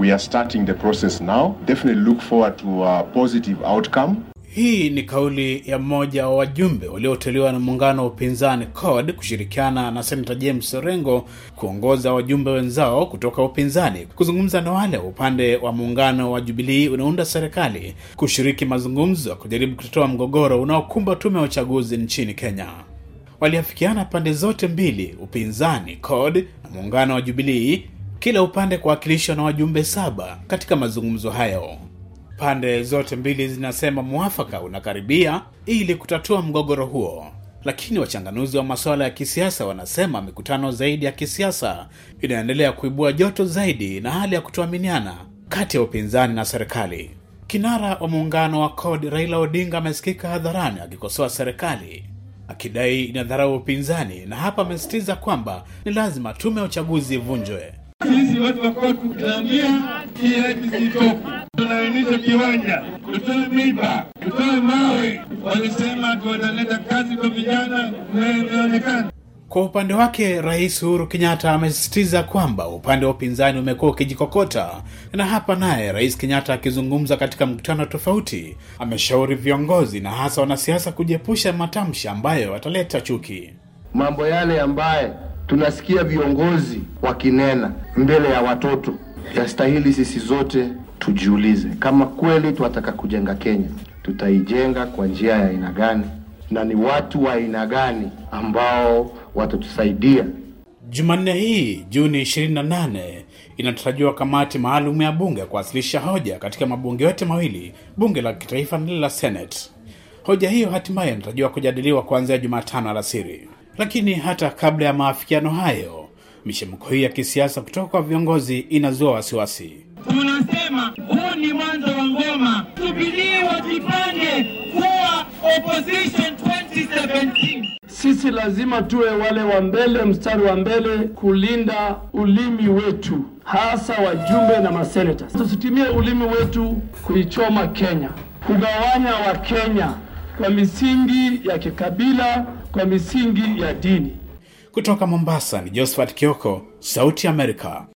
We are starting the process now. Definitely look forward to a positive outcome. Hii ni kauli ya mmoja wa wajumbe walioteuliwa na muungano wa upinzani CORD kushirikiana na Senata James Orengo kuongoza wajumbe wenzao kutoka upinzani kuzungumza na wale upande wa muungano wa Jubilii unaunda serikali kushiriki mazungumzo kujaribu kutatua mgogoro unaokumba tume ya uchaguzi nchini Kenya. Waliafikiana pande zote mbili, upinzani CORD na muungano wa Jubilii kila upande kuwakilishwa na wajumbe saba katika mazungumzo hayo. Pande zote mbili zinasema mwafaka unakaribia ili kutatua mgogoro huo, lakini wachanganuzi wa masuala ya kisiasa wanasema mikutano zaidi ya kisiasa inaendelea kuibua joto zaidi na hali ya kutoaminiana kati ya upinzani na serikali. Kinara wa muungano wa CORD Raila Odinga amesikika hadharani akikosoa serikali akidai inadharau upinzani, na hapa amesitiza kwamba ni lazima tume ya uchaguzi ivunjwe. Sisi watu wako tukiambia hii ardhi zitoke, tunainisha kiwanja, tutoe miba, tutoe mawe. Walisema tuwataleta kazi kwa vijana, imeonekana. Kwa upande wake Rais Uhuru Kenyatta amesisitiza kwamba upande wa upinzani umekuwa ukijikokota, na hapa naye Rais Kenyatta akizungumza katika mkutano tofauti, ameshauri viongozi na hasa wanasiasa kujiepusha matamshi ambayo wataleta chuki, mambo yale ambaye tunasikia viongozi wakinena mbele ya watoto. Yastahili sisi zote tujiulize kama kweli tunataka kujenga Kenya, tutaijenga kwa njia ya aina gani na ni watu wa aina gani ambao watatusaidia. Jumanne hii Juni 28 inatarajiwa kamati maalum ya bunge kuwasilisha hoja katika mabunge yote mawili, bunge la kitaifa na lile la Senate. Hoja hiyo hatimaye inatarajiwa kujadiliwa kuanzia Jumatano alasiri. Lakini hata kabla ya maafikiano hayo, mishemko hii ya kisiasa kutoka kwa viongozi inazua wasiwasi. Tunasema huu ni mwanzo wa ngoma, subirie wajipange kuwa opposition 2017. Sisi lazima tuwe wale wa mbele, mstari wa mbele kulinda ulimi wetu, hasa wajumbe na maseneta. Tusitumie ulimi wetu kuichoma Kenya, kugawanya Wakenya kwa misingi ya kikabila kwa misingi ya dini. Kutoka Mombasa ni Josephat Kioko, Sauti ya Amerika.